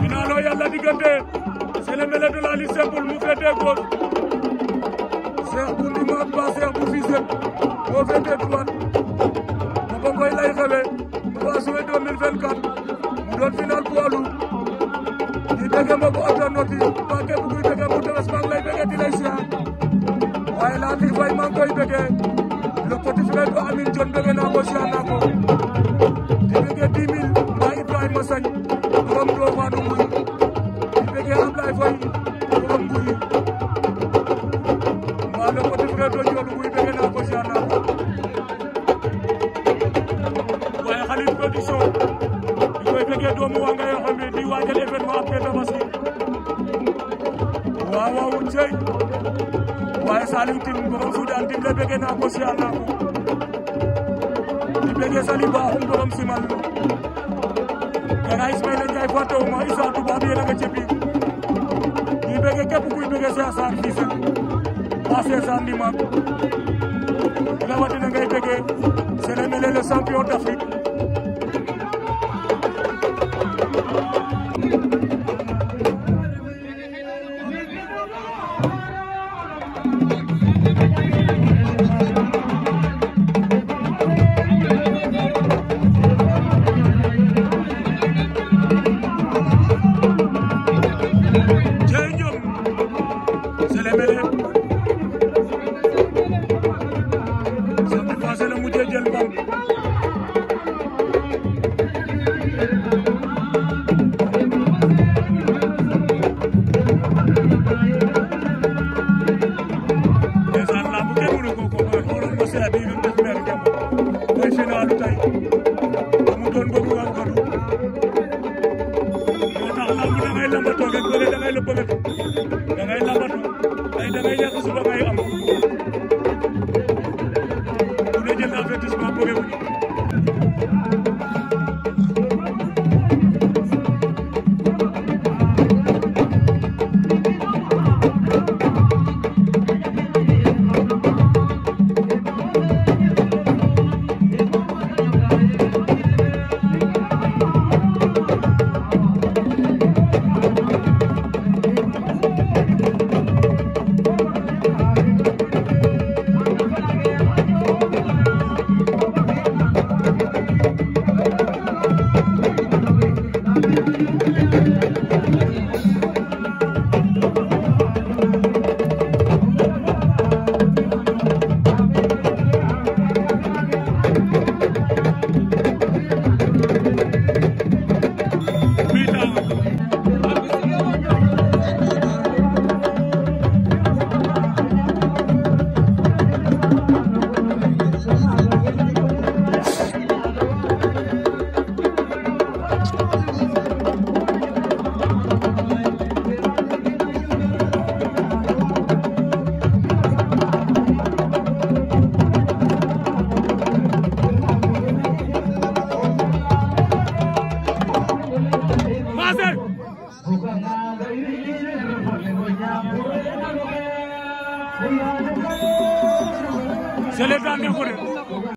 Finalo Yalla diggante Sélé Mélé de la lutte simple mu féetee gauche Cheikh bu Ndima ba Cheikh bu Fissel moo féetee droite naka koy lay xewee Papa Sow 2024 mu doon final poids lourd di bu internaute yi mbaa képp kuy déggee maa ngi lay déggee di lay siyaar waaye laa kii fay maa ngi koy déggee le petit frère ba Amine John déggee naa ko siyaar naa ko di déggee 10 000 mbaa Ibrahima Sagne Leewtoo ci yoonu muy bëgg naa ko ziar naa ko waaye Khalil Production di koy bëggee doomu waa nga yoo xam ne di waajal événement après Tabaski waaw waaw Ndiaye waaye Saliou Tine borom Soudan di la bëggee naa ko ziar naa ko di bëggee Saliou Ba am borom Simal Kara Ismaïla Ndiaye fàttewuma Issa Touba bi yéen a nga ci biir di bëggee képp kuy bëggee Cheikh Sarr fii sax passer sa ndimam rawatina ngay bëggee c'est le champion d'Afrique da ngay lambatu ay da ngay yàq suba ngay am ku ne jël Thank you. Sélé daan na ko de